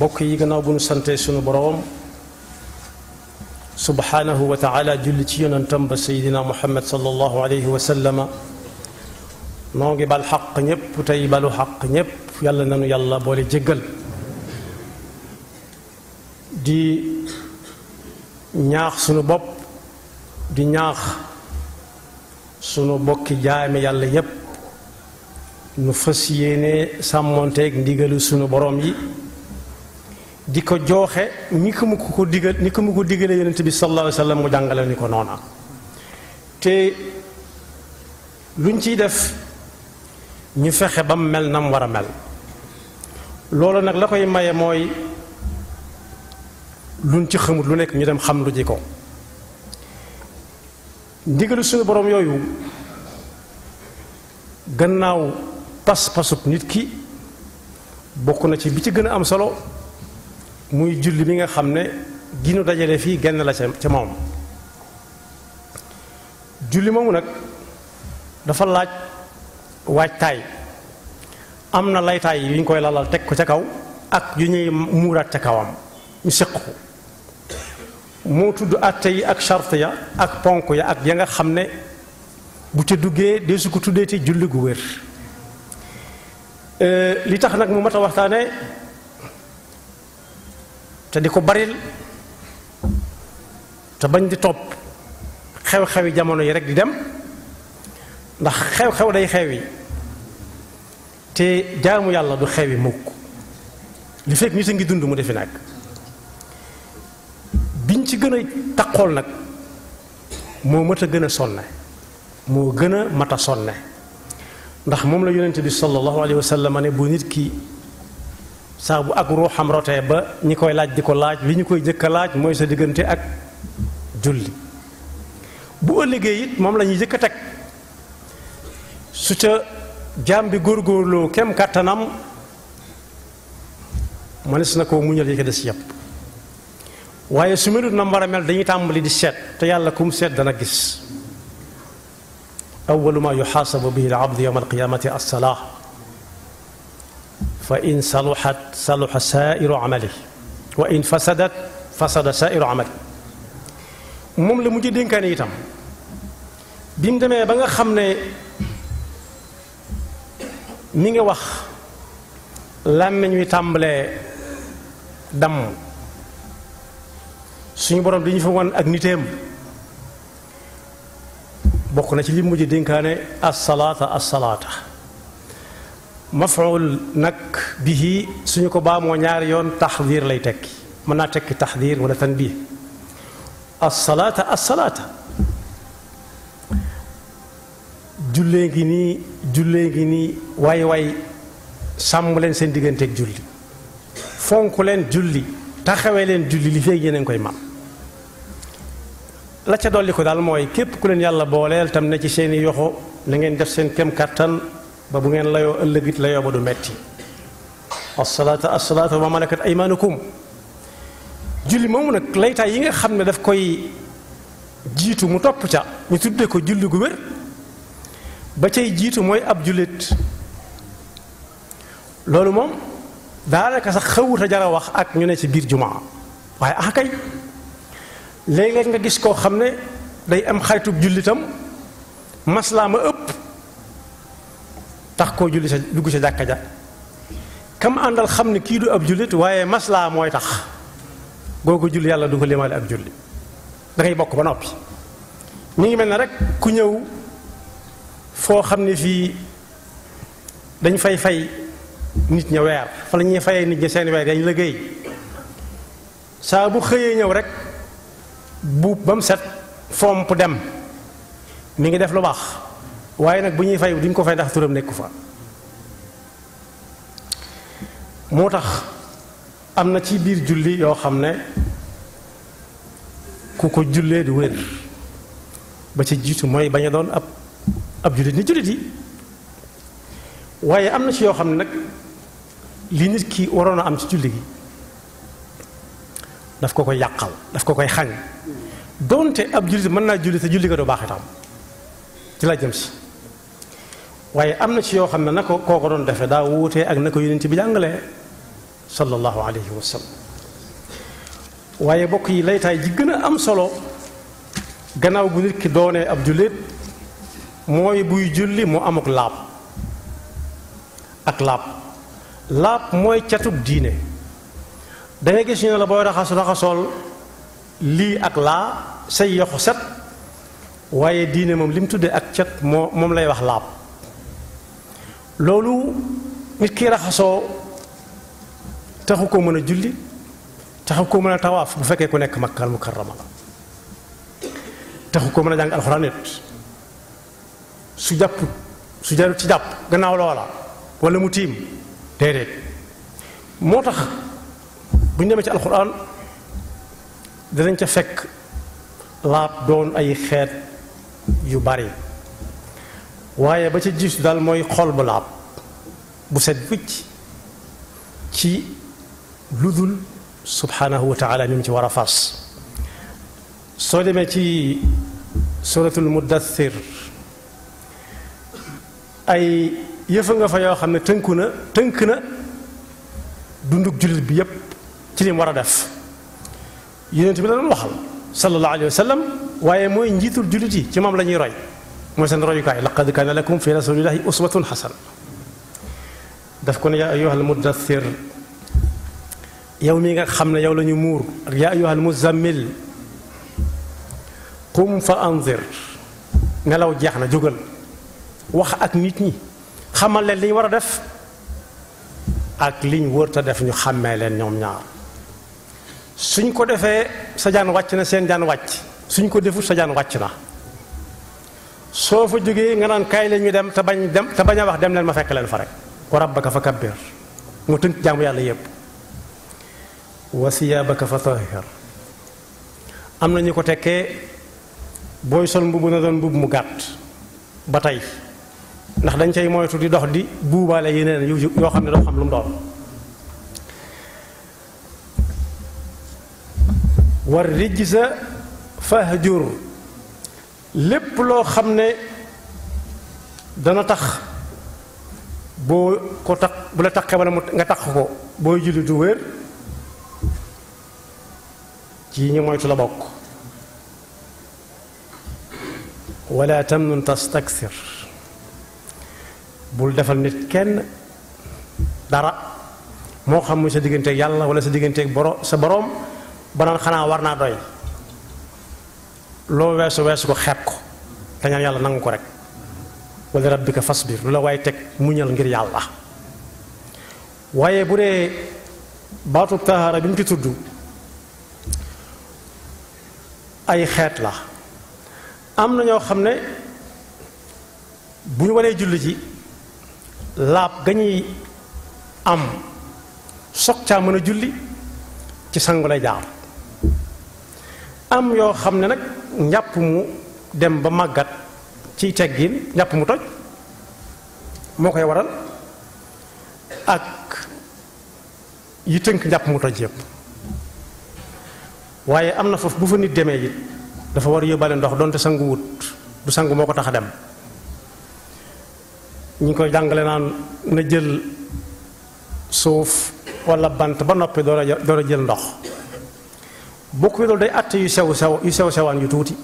bokk yi gannaaw bu nu sante sunu boroom subhaanahu wa taala julli ci yonentam ba seydina muhammad sallallahu alayhi wa sallama noo ngi bal xaq ñépp tey balu xaq ñépp yàlla nanu yàlla boole jéggal di ñaax sunu bopp di ñaax sunu bokki jaame yàlla yépp nu fas yéene sàmmonteeg ndigalu sunu boroom yi di ko jooxe ni ko mu ko digal ni ko mu ko digalee yonent bi sallallahu alayhi wa sallam mu ko noona te luñ ciy def ñu fexe ba mu mel na war a mel loolu nag la koy mooy luñ ci xamut lu nekk ñu dem xam lu ko ndigalu borom yooyu gannaaw pas-pasub nit ki bokk na ci bi ci gën a am solo muy julli bi nga xam ne ginu dajale fii genn la ca ca moom julli moomu nag dafa laaj waajtaay am na laytaay yu ñu koy lalal teg ko ca kaw ak yu ñuy muuraat ca kawam ñu séq ko moo tudd àtte yi ak charte ya ak ponk ya ak ya nga xam ne bu te duggee dee su ko tuddee te julli gu wér euh, li tax nag mu mat a waxtaane te di ko baril te bañ di topp xew-xewi jamono yi rek di dem ndax xew-xew day xewi te jaamu yàlla du xewi mukk li fekk nit a ngi dund mu defi nag biñ ci gën a taqool nag moo mat a gën a sonne moo gën a mat a sonne ndax moom la yonent bi sallallahu alayhi wa sallam ne bu nit ki saabu ak ruuxam rotee ba ñi koy laaj di ko laaj li ñu koy jëkk laaj mooy sa diggante ak julli bu ëllëgee it moom lañuy ñuy a teg su ca jaam bi góorgóorloo kem kàttanam mënees na koo muñal yi ko des yëpp waaye su melut na war a mel dañuy tàmbali di seet te yàlla kum seet dana gis awalu ma yuxaasabu bihi al abdu yowma alqiyamati assalaa fa in saluxat saluxa saairu amali wa in fasadat fasada saairu amali moom la mujj dénkaane itam bi mu demee ba nga xam ne mi ngi wax làmmiñ wi tàmbalee damm suñu borom dañu fa wan ak niteem bokk na ci li mujj dénkaane as salaata as salaata mafuul nag bi bihi suñu ko baamoo ñaari yoon taxdir lay tekki mën naa tekki taxdir wala tanbih assalaata assalaata jullee ngi nii jullee ngi nii sàmm leen seen digganteeg julli fonk leen julli taxawee leen julli li feeg yéen koy man la ca dolli ko daal mooy képp ku leen yàlla booleel tam ne ci seeni yoxo na ngeen def seen kem kàttan ba bu ngeen layoo ëllëg it layoo ba du metti asalaata asalaata ma malakat aymanukum julli moomu nag laytaay yi nga xam ne daf koy jiitu mu topp ca ñu tudde ko julli gu wér ba cay jiitu mooy ab jullit loolu moom daanaka sax xawut a ak ñu ne ci biir jumaa waaye ah kay nga gis koo xam ne day am xaritub jullitam maslaa ma ëpp koo julli sa dugg sa jàkka ja kam àndal xam ne kii du ab jullit waaye maslaa mooy tax googu julli yàlla du ko limaale ak julli da bokk ba noppi mi ngi mel ne rek ku ñëw foo xam ne fii dañ fay fay nit ña weer fa la fayee nit ña seen weer dañ liggéey saa bu xëyee ñëw rek buub ba mu set fomp dem mi ngi def lu baax waaye nag bu ñuy fay duñ ko fay ndax turam nekku fa moo tax am na ci biir julli yoo xam ne ku ko jullee du wér ba ci jiitu mooy bañ doon ab ab jullit ni jullit yi waaye am na ci yoo xam ne nag li nit ki waroon a am ci julli gi daf ko koy yàqal daf ko koy xañ doonte ab jullit mën naa julli te julli ko du baax itam ci laa jëm si waaye am na ci yoo xam ne na ko koo ko doon defee daa wuutee ak na ko yonent bi jàngalee sallallahu alayhi wa sallam waaye bokk yi laytaay ji gën a am solo gannaaw bu nit ki doonee ab jullit mooy buy julli mu amuk laab ak laab laab mooy catug diine da gis ñu ne la booy raxas raxasool lii ak laa say yoxu set waaye diine moom li mu tuddee ak cat moo moom lay wax laab loolu nit ki raxasoo taxu ko mën a julli taxu ko mën a tawaaf bu fekkee ku nekk Makka al Mukarrama la taxu ko mën a jàng alxuraan it su jàpp su jarut ci jàpp gannaaw loola walla mu tiim déedéet moo tax bu ñu demee ci alxuraan danañ ca fekk laab doon ay xeet yu bari waaye ba ca jiitu daal mooy xool bu laab bu set wicc ci lu dul subhaanahu wa taala ñu ci war a fas soo demee ci suratul muddathir ay yëfa nga fa yoo xam ne tënku na tënk na dunduk jullit bi yépp ci lim war a def yonent bi la doon waxal sallallahu alayhi waaye mooy njiitul jullit yi ci moom lañuy roy mooy seen royukaay laqad kaana lakum fi rasulillahi uswatun xasana daf ko ne yaa ayyuhal muddathir yow mii nga xam ne yow la ñu muur ak yaa ayyuhal muzammil qum fa anzir nelaw jeex na jógal wax ak nit ñi xamal leen liñ war a def ak li ñu wërta def ñu xàmmee leen ñoom ñaar suñ ko defee sa jaan wàcc na seen jaan wàcc suñ ko defut sa jaan wàcc na soo fa jógee nga naan kaay la dem te bañ dem te bañ a wax dem leen ma fekk leen fa rek wa rabbaka fa kabbir mu tënk jaamu yàlla yépp wa siyaabaka fa tahir am na ñu ko tekkee booy sol mbubb na doon mbubb mu gàtt ba tey ndax dañ cay moytu di dox di buubaale yeneen yu yoo xam ne doo xam lu mu doon war rijsa fahjur lépp loo xam ne dana tax boo ko tax bu la taxee wala nga tax ko booy julli du wér ci ñu moytu la bokk wala tamnun tastaksir bul defal nit kenn dara moo xam muy sa digganteeg yàlla wala sa digganteek boro sa boroom banaan xanaa war naa doy loo weesu weesu ko xeeb ko te yàlla nangu ko rek wala rabbika fasbir lu la waaye teg mu muñal ngir yàlla waaye bu dee baatu tahaara bi mu ci tudd ay xeet la am na ñoo xam ne bu ñu waree julli ji laab ga ñuy am soog caa mën a julli ci sangu lay jaar am yoo xam ne nag njàpp mu dem ba màggat ci teggin njàpp mu toj moo koy waral ak yi tënk njàpp mu toj yëpp waaye am na foofu bu fa nit demee it dafa war yóbbaale ndox donte sangu wut du sangu moo ko tax a dem ñu ngi koy jàngale naan na jël suuf walla bant ba noppi door jël ndox boo ko loolu day àtte yu sew sew yu sew sewaan yu tuuti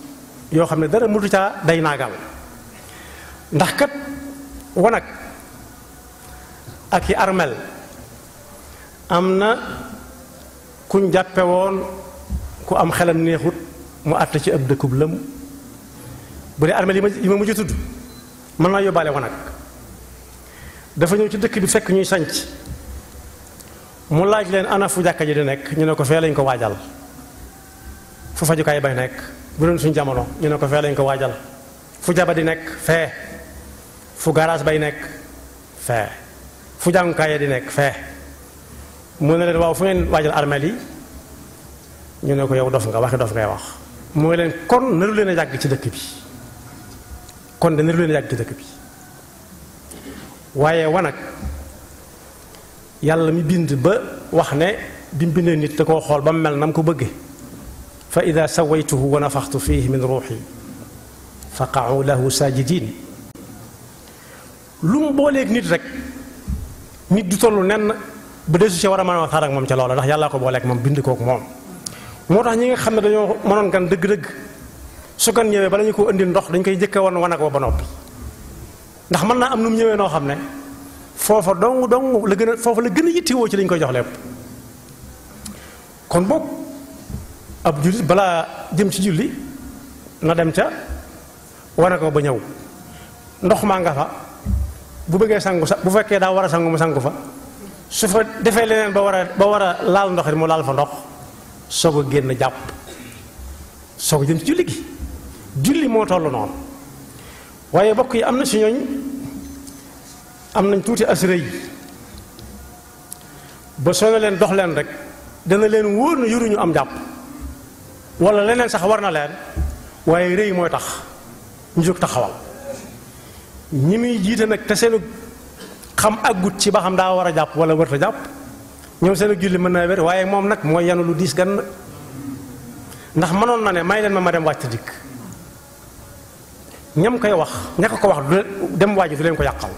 yoo xam ne dara mënut caa day naagal ndax kat wanag ak i armel am na kuñ jàppe woon ku am xelam neexut mu àtte ci ab dëkkub lëm bu dee armel yi ma yi ma mujj tudd mën naa yóbbaale wanag dafa ñëw ci dëkk bi fekk ñuy sanc mu laaj leen ana fu jàkka ji di nekk ñu ne ko fee lañ ko waajal fu fajukaay bay nekk bu doon suñ jamono ñu ne ko fee lañ ko waajal fu jaba di nekk fee fu garaas bay nekk fee fu jàngukaay di nekk fee mu ne leen waaw fu ngeen waajal armeel yi ñu ne ko yow dof nga waxi dof ngay wax mooy leen kon naru leen a yàgg ci dëkk bi kon de naru leen a yàgg ci dëkk bi waaye wanag yàlla mi bind ba wax ne bi mu bindee nit da koo xool ba mu mel na mu ko bëggee fa ida sawaytuhu wa nafaxtu fiihi min ruuxi fa qaacu lahu saajidin lu mu booleeg nit rek nit du toll nen ba desu ci war a mën a waxtaan ak moom ca loola ndax yàllaa ko booleeg moom bind koog moom. moo tax ñi nga xam ne dañoo mënoon gan dëgg-dëgg su gan ñëwee bala ñu ko indi ndox dañ koy njëkk a wan wanag wa ba noppi ndax mën naa am nu mu ñëwee noo xam ne foofa dong dong la gën a foofa la gën a yittewoo ci lañ koy jox lépp kon boog. ab jullit balaa jëm ci julli na dem ca wane ko ba ñëw ndox maa nga fa bu bëggee sangu sa bu fekkee daa war a sangu mu sangu fa su fa defee leneen ba war a ba war a laal ndox it mu laal fa ndox soog a génn jàpp soo a jëm ci julli gi julli moo toll noonu waaye bokk yi am na si ñooñ am nañ tuuti assuré yi ba soo leen dox leen rek dana leen wóor na yoruñu am jàpp wala leneen sax war na leen waaye rëy mooy tax ñu jóg taxawal ñi muy jiite nag te seenu xam aggut ci ba xam daa war a jàpp wala wërta jàpp ñoom seenu julli mën naa wér waaye moom nag mooy yanu lu diis gan ndax mënoon na ne may leen ma ma dem wàcc dikk ñam koy wax ña ko ko wax du dem waaju du leen ko yàqal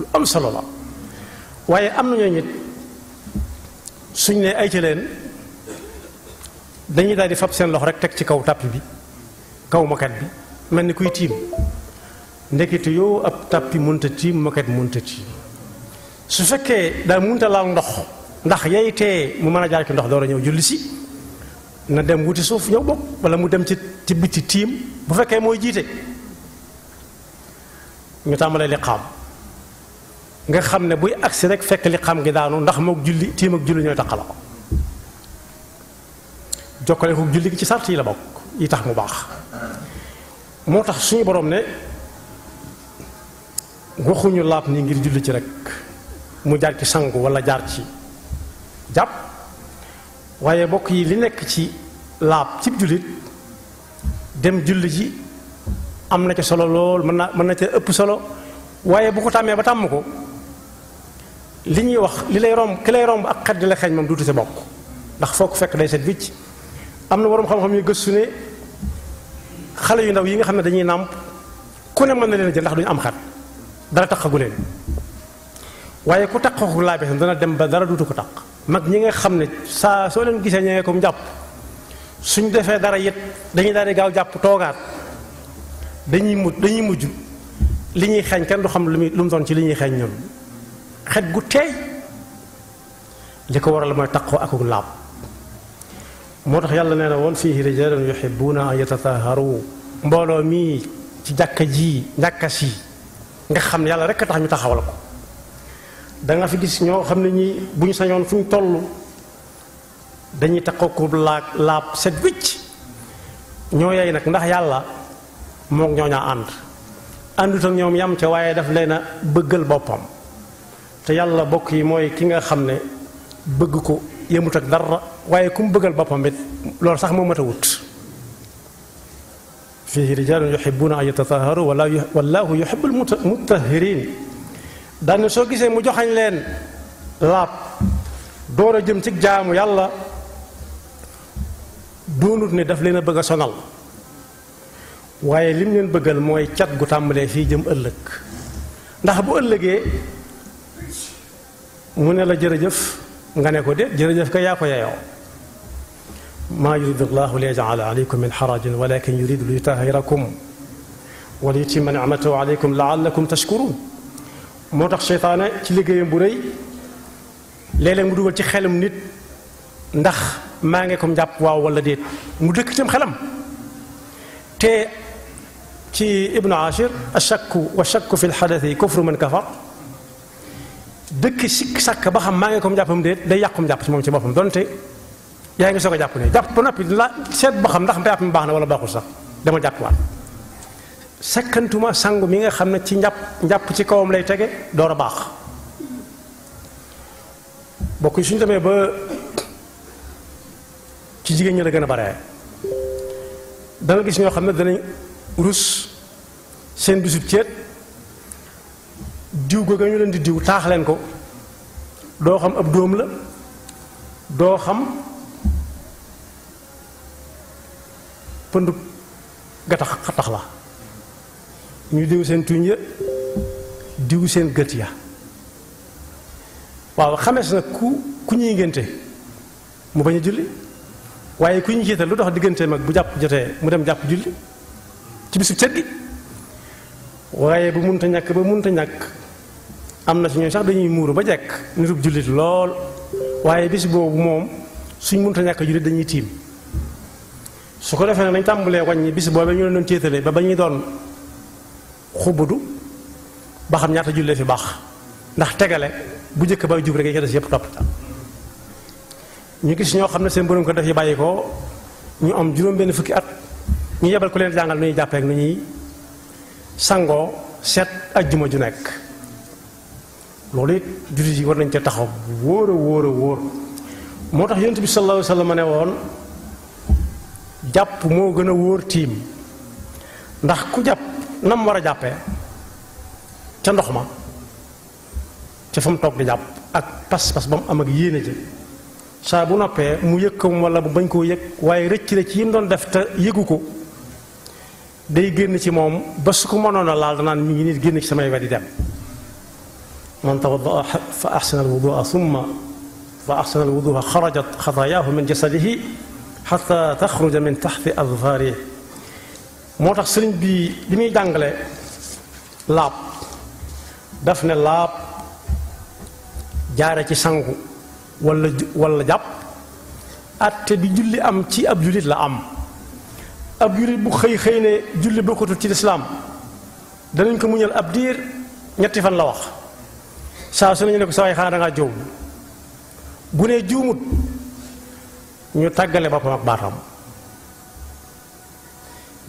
lu am solo la waaye am na ñoo nit suñ ne ay dañuy daal di fab seen loxo rek teg ci kaw tàpp bi kaw moket bi mel ni kuy tiim ndekete yow ab tàppi munta tiim moket munta tiim su fekkee daal mënta laal ndox ndax yay tee mu mën a jaar ci ndox door a ñëw julli si na dem wuti suuf ñëw bokk wala mu dem ci ci biti tiim bu fekkee mooy jiite ñu tàmbalee li xaam nga xam ne buy agsi rek fekk li xam gi daanu ndax mook julli tiim ak julli ñooy taqaloo jokkale ko julli gi ci sart yi la bokk yi tax mu baax moo tax suñu boroom ne waxuñu laab ni ngir julli ci rek mu jaar ci sangu wala jaar ci jàpp waaye bokk yi li nekk ci laab cib jullit dem julli yi am na ca solo lool mën na mën na ca ëpp solo waaye bu ko tàmmee ba tàmm ko li ñuy wax li lay romb ki lay romb ak xet di la xeeñ moom duutu sa bokk ndax foo ko fekk day set wicc am na boroom xam-xam yu gëstu ne xale yu ndaw yi nga xam ne dañuy nàmp ku ne mën na leen jël ndax duñu am xat dara taqagu leen waaye ku taqagu laabe dana dem ba dara duutu ko taq mag ñi nga xam ne saa soo leen gisee ña ko jàpp suñ defee dara yit dañuy daal di gaaw jàpp toogaat dañuy mujj dañuy mujj li ñuy xeeñ kenn du xam lu muy lu mu doon ci li ñuy xeeñ ñoom xet gu teey li ko la mooy taqoo akuk laab moo tax yàlla nee na woon fiihi rijaalun yuhibbuuna an yatatahharu mbooloo mii ci jàkka ji njàkkas yi nga yàlla rek tax ñu taxawal ko da fi gis ñoo xam ne ñi bu sañoon fu toll dañuy taqakub laag laab set wicc ñoo yey nag ndax yàlla moo ñoo ñaa ànd àndut ak ñoom yam ca waaye daf leen a bëggal boppam te yàlla bokk yi mooy ki nga xam ne bëgg ko yëmut ak dara waaye ku mu bëggal boppam bi loolu sax moo mat a wut fihi rijalun yuhibbuna an yatataharu wallahu yuhibbul mutahhirin daane soo gisee mu joxañ leen laab door a jëm ci jaamu yàlla doonut ne daf leen a bëgg a sonal waaye lim leen bëggal mooy cat gu tàmbalee fii jëm ëllëg ndax bu ëllëgee mu ne la jërëjëf nga ne ko de jërëjëf ka yaa ko yaayoo maa yuridu allahu li yajala alaykum min xarajin walakin yuridu li yutahirakum wa li yutima nicmatahu alaykum laallakum tashkurun moo tax seytaane ci liggéeyam bu rëy léeg dugal ci xelam nit ndax maa ngi ko njàpp waaw wala déet mu dëkk itam xelam te ci ibnu ashir ashakku wa shakku fi lxadasi kufru man kafar dëkk sikk sàkk ba xam maa ngi comme jàppam déet day yàqum jàpp si moom ci boppam donte yaa ngi soog a jàpp ne jàpp ba noppi la seet ba xam ndax jàpp mi baax na wala baaxul sax dama waat sakkantuma sangu mi nga xam ne ci njàpp njàpp ci kawam lay tege door a baax bokk suñ demee ba ci jigéen ñi la gën a bare dana gis ñoo xam ne dana rus seen bisub ceet diw ko ga ñu leen di diw taax leen ko doo xam ab dóom la doo xam pëndu gattax xattax la ñu diw seen tuñ ya diw seen gët ya waaw xamees na ku ku ñuy ngénte mu bañ a julli waaye ku ñu jiital lu dox diggante ak bu jàpp jotee mu dem jàpp julli ci bisu cër gi waaye bu munta ñàkk ba munta ñàkk am na si ñooñu sax dañuy muuru ba jekk nirub jullit lool waaye bis boobu moom suñ mënta ñàkk jullit dañuy tiim su ko defee nag dañ tàmbalee wàññi bis boobu ñu leen doon céetale ba ba ñuy doon xubudu ba xam ñaata jullee fi baax ndax tegale bu njëkk ba jub rek yi nga des yëpp topp ñu gis ñoo xam ne seen borom ko def yi bàyyi ko ñu am juróom benn fukki at ñu yebal ku leen jàngal nu ñuy jàppeek nu ñuy sangoo seet ak ajjuma ju nekk loolu it jullit yi war nañ cee taxaw wóor a wóor a wóor moo tax yonent bi sallallahu alayhi wa sallam ne woon jàpp moo gën a wóor tiim ndax ku jàpp nam war a jàppee ca ndox ma ca fa mu toog di jàpp ak pas-pas ba mu am ak yéene ji saa bu noppee mu yëg ko wala bañ koo yëg waaye rëcc la ci yi mu doon def te yëgu ko day génn ci moom ba su ko mënoon a laal danaan mi ngi nit génn ci samay wet dem man tawaddaa fa axsana alwudua summa fa axsana alwudua xarajat xataayaahu min jasadihi xata taxruja min taxti adfaari moo tax sëriñ bi li muy jàngale laab daf ne laab jaare ci sangu wala wala jàpp atte bi julli am ci ab jullit la am ab jullit bu xëy xëy ne julli bokkatul ci lislaam danañ ko muñal ab diir ñetti fan la wax saa su nañu ne ko saa yi xanaa da juum bu juumut ñu tàggale boppam ak baatam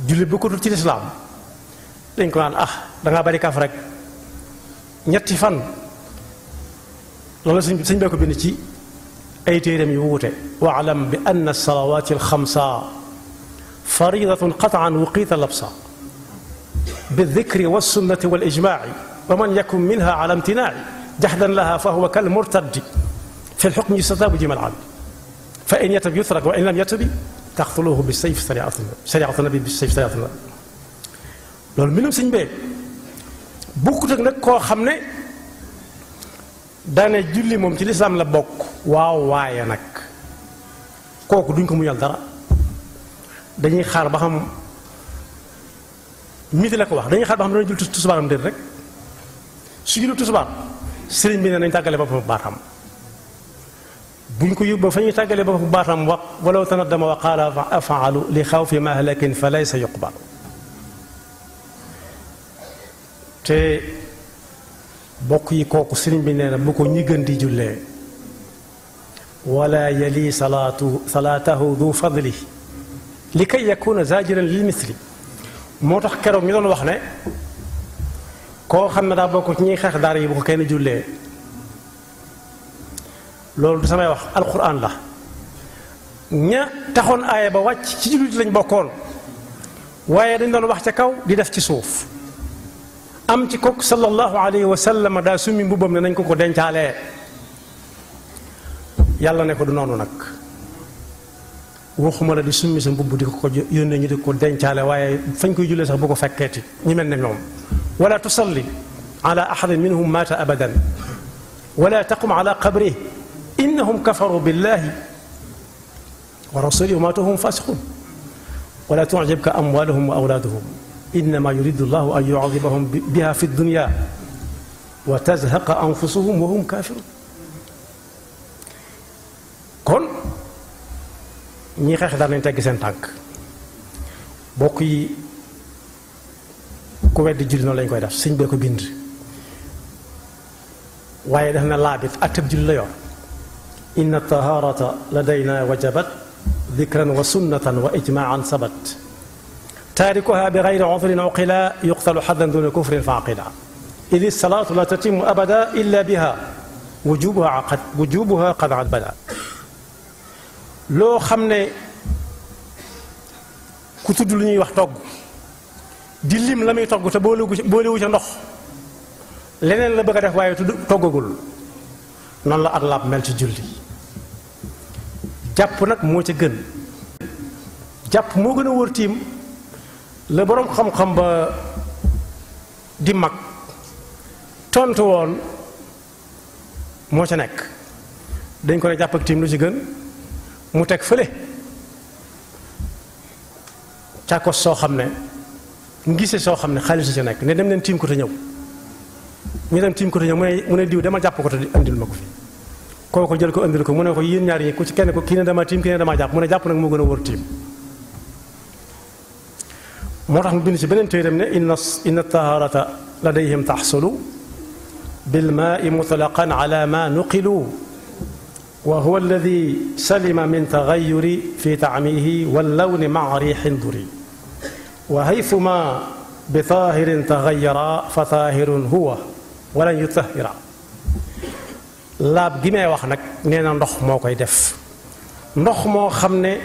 jullit bu ko dul ci lislaam dañ ko naan ah, bari kaf rek ñetti fan loolu suñ suñ bee ko bind ci ay téeréem yu wuute waalam bi ann salawaati alxamsa faridatun qataan wuqiita labsa bi dikri wa sunnati wal ijmaaci wa man yakun minha ala imtinaaci جحدا لها فهو كالمرتد في الحكم يستتاب جيم العبد فإن يتب يترك وإن لم يتب تقتلوه بالسيف سريعة سريعة النبي بالسيف سريعة النبي loolu mbirum sëñ bee bokkut ak nag koo xam ne daane julli moom ci lislaam la bokk waaw waaye nag kooku duñ ko muñal dara dañuy xaar ba xam miti la ko wax dañuy xaar ba xam dana julli tusubaaram déet rek su julli tusubaar sëriñ bi ne nañ tàggale boppam baatam buñ ko yóbboo fa ñuy tàggale boppam baatam wax walaw tanaddama wa qaala afaalu li xawfi mahlakin fa laysa yuqbalu te bokk yi kooku sëriñ bi nee na bu ko ñi gën di jullee wala yali salaatu salaatahu du fadli li kay yakuna zaajiran lil misli moo tax keroog ñu doon wax ne koo xam ne daa bokk ci ñuy xeex daara yi bu ko kenn jullee loolu du samay wax alquran la ña taxoon aaya ba wàcc ci jullit lañ bokkoon waaye dañ doon wax ca kaw di def ci suuf am ci kook sallallahu alayhi wa sallam daa summi mbubbam ne nañ ko ko dencaale yàlla ne ko du noonu nag waxuma la di summi sa mbubb di ko ko yónnee ñu di ko dencaale waaye fañ koy jullee sax bu ko fekkeeti ñu mel na ñoom ولا تصلي على أحد منهم مات أبدا ولا تقم على قبره إنهم كفروا بالله ورسوله وماتوا هم فاسقون ولا تعجبك أموالهم وأولادهم إنما يريد الله أن يعذبهم بها في الدنيا وتزهق أنفسهم وهم كافرون kon ñi xeex daal nañ tegg seen tànk bokk yi ku weddi julli noonu lañ koy def sëñ bee ko bind waaye def na laabit attab julli la yor inna taharata ladayna wajabat dikran wa sunnatan wa ijmaan sabat taarikuha bi gayri udrin aw qila yuqtalu xaddan duna kufrin fa aqila idi salaatu la tatimu abada illa biha wujubuha qad wujubuha qad bada loo xam ne ku tudd lu ñuy wax togg di lim la muy togg te boolewu ca boolewu ca ndox leneen la bëgg a def waaye toggagul noonu la ak laab mel ci julli jàpp nag moo ca gën jàpp moo gën a wër tiim la boroom xam-xam ba di mag tontu woon moo ca nekk dañ ko ne jàpp ak tiim lu ci gën mu teg fële càkkos soo xam ne mu gisee soo xam ne xaalis si nekk ne dem leen tiim ko te ñëw ñu dem tiim ko te diw dama jàpp ko te andil ma ko fi kooku jël ko andil ko mu ne ko yéen ñaar yi ci kenn ko kii ne dama tiim kii ne dama jàpp mu ne jàpp nag moo gën tiim moo tax mu bind ci beneen téeram ne inna inna taharata ladayhim taxsulu bil maai mutlaqan ala ma nuqilu wa huwa alladi salima min tagayuri fi taamihi wal lawni maa riixin duri wa haythuma bi taahirin taxayara fa taahirun huwa walan yutahira laab gi may wax nag nee na ndox moo koy def ndox moo xam ne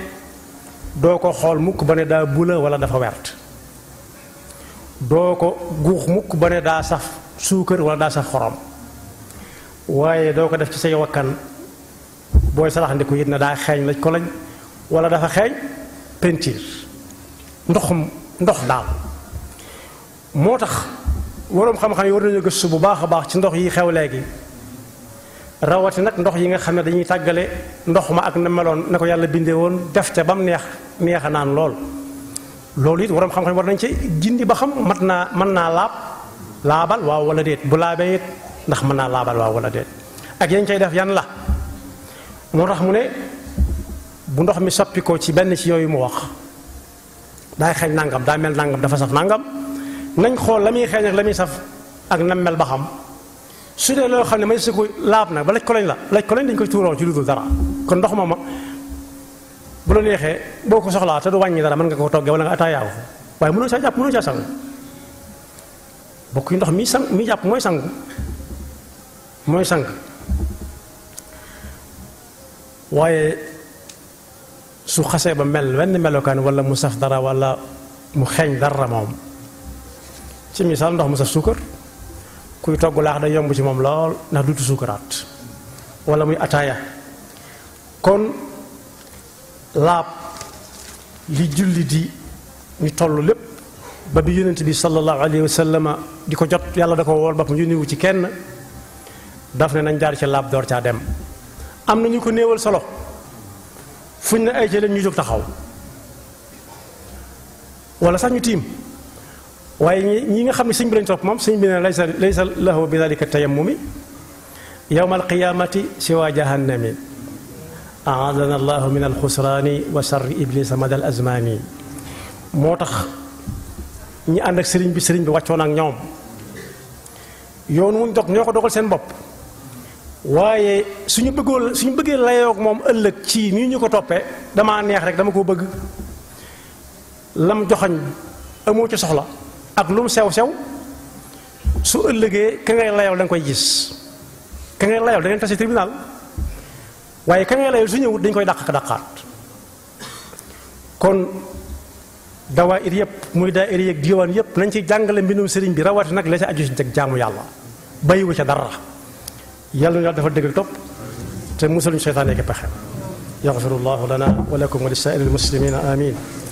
doo ko xool mukk ba ne daa bula wala dafa wert doo ko guux mukk ba ne daa saf suukar wala daa saf xorom waaye doo ko def ci say wakkan booy salaxandiku it na daa xeeñ laj ko lañ wala dafa xeeñ pentiir ndoxum ndox daal moo tax waroom xam-xam yi war nañu gëstu bu baax a baax ci ndox yi xew léegi rawati nag ndox yi nga xam ne dañuy tàggale ndox ma ak na meloon na ko yàlla bindee woon def ca ba mu neex neex a naan lool loolu it waroom xam-xam war nañ ci jindi ba xam mat naa mën naa laab laabal waaw wala déet bu laabee it ndax mën naa laabal waaw wala déet ak yañ cay def yan la moo tax mu ne bu ndox mi soppikoo ci benn ci yooyu mu wax daay xeeñ nangam daa mel nangam dafa saf nangam nañ xool la muy xeeñ ak la muy saf ak nam mel ba xam su dee loo xam ne may su ko laab ba laj ko la laj ko dañ koy tuuroo ci lu dara kon ndox ma ma bu la neexee ko soxlaa wàññi dara mën nga ko toggee waaye mënoo caa jàpp mënoo caa sangu bokk yi ndox mi sang mi jàpp mooy sangu mooy sang waaye su xasee ba mel wenn melokaan wala mu sax dara walla mu xeeñ dara moom ci misaal ndox mu sax suukar kuy togg laax day yomb ci moom lool ndax duutu suukaraat wala muy ataaya kon laab li julli di ñu toll lépp ba bi yonent bi sallallahu alayhi wa sallama di ko jot yàlla da ko wool boppam yónniwu ci kenn daf ne nañ jaar ci laab door caa dem am na ñu ko néewal solo fuñ ne ay ci leen ñu jóg taxaw wala sax ñu tiim waaye ñi nga xam ne sëñ bi lañ topp moom sëñ bi ne laysa laysa lahu bi dalika tayammumi yowma alqiyamati siwa jahannami aadana allahu min alxusraani wa sharri iblisa mada al azmaani moo tax ñi ànd ak sëriñ bi sëriñ bi wàccoon ak ñoom yoon wuñ dog ñoo ko dogal seen bopp waaye suñu bëggoo suñu bëggee layoog moom ëllëg ci nii ñu ko toppee damaa neex rek dama ko bëgg lam joxañ amoo ci soxla ak lu sew sew su ëllëgee ka ngay layool da koy gis ka ngay layool da ngeen tase tribunal waaye ka ngay layool su ñëw dañ koy dàq ka dàqaat kon dawaa ir yëpp muy daa ir yeeg diwaan yëpp nañ ci jàngale mbindum sëriñ bi rawaati nag la ca aju si teg yàlla bayiwu ca dara yàlla na yàlla dafa dëgg topp te musaluñu seytaane ak pexe yaxfirullahu lana wa lakum wa li saa'iril muslimina amin